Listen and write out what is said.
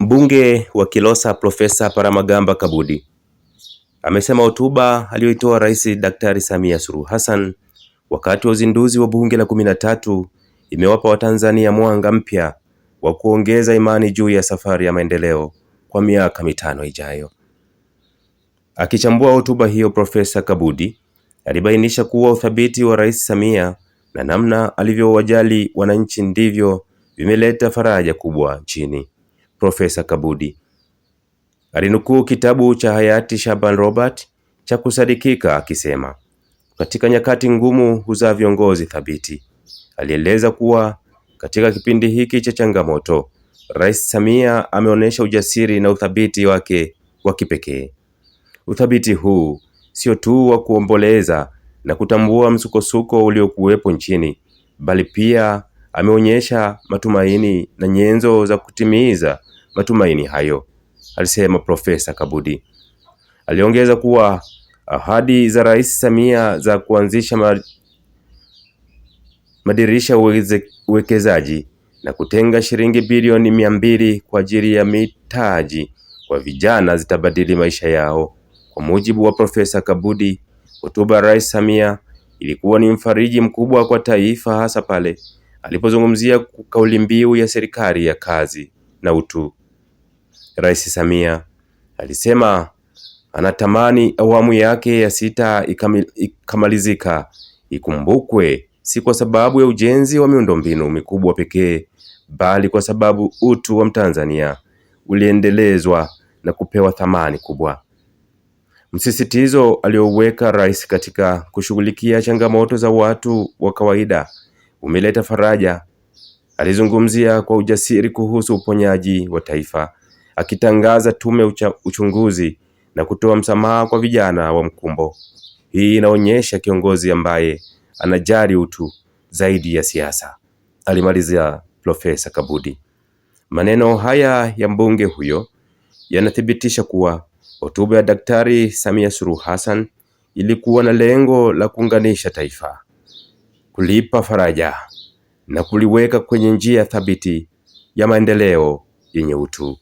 Mbunge wa Kilosa Profesa Paramagamba Kabudi amesema hotuba aliyoitoa Rais Daktari Samia Suluhu Hassan wakati wa uzinduzi wa bunge la kumi na tatu imewapa Watanzania mwanga mpya wa kuongeza imani juu ya safari ya maendeleo kwa miaka mitano ijayo. Akichambua hotuba hiyo, Profesa Kabudi alibainisha kuwa uthabiti wa Rais Samia na namna alivyowajali wananchi ndivyo vimeleta faraja kubwa nchini. Profesa Kabudi alinukuu kitabu cha hayati Shaban Robert cha kusadikika akisema, katika nyakati ngumu huzaa viongozi thabiti. Alieleza kuwa katika kipindi hiki cha changamoto, Rais Samia ameonyesha ujasiri na uthabiti wake wa kipekee. Uthabiti huu sio tu wa kuomboleza na kutambua msukosuko uliokuwepo nchini, bali pia ameonyesha matumaini na nyenzo za kutimiza matumaini hayo, alisema Profesa Kabudi. Aliongeza kuwa ahadi za Rais Samia za kuanzisha madirisha uwekezaji na kutenga shilingi bilioni mia mbili kwa ajili ya mitaji kwa vijana zitabadili maisha yao. Kwa mujibu wa Profesa Kabudi, hotuba ya Rais Samia ilikuwa ni mfariji mkubwa kwa taifa, hasa pale alipozungumzia kauli mbiu ya serikali ya kazi na utu. Rais Samia alisema anatamani awamu yake ya sita ikamalizika ikumbukwe si kwa sababu ya ujenzi wa miundombinu mikubwa pekee, bali kwa sababu utu wa Mtanzania uliendelezwa na kupewa thamani kubwa. Msisitizo aliyoweka rais katika kushughulikia changamoto za watu wa kawaida umeleta faraja. Alizungumzia kwa ujasiri kuhusu uponyaji wa taifa, akitangaza tume ucha, uchunguzi na kutoa msamaha kwa vijana wa Mkumbo. Hii inaonyesha kiongozi ambaye anajali utu zaidi ya siasa, alimalizia Profesa Kabudi. Maneno haya ya mbunge huyo yanathibitisha kuwa hotuba ya Daktari Samia Suluhu Hassan ilikuwa na lengo la kuunganisha taifa kulipa faraja na kuliweka kwenye njia thabiti ya maendeleo yenye utu.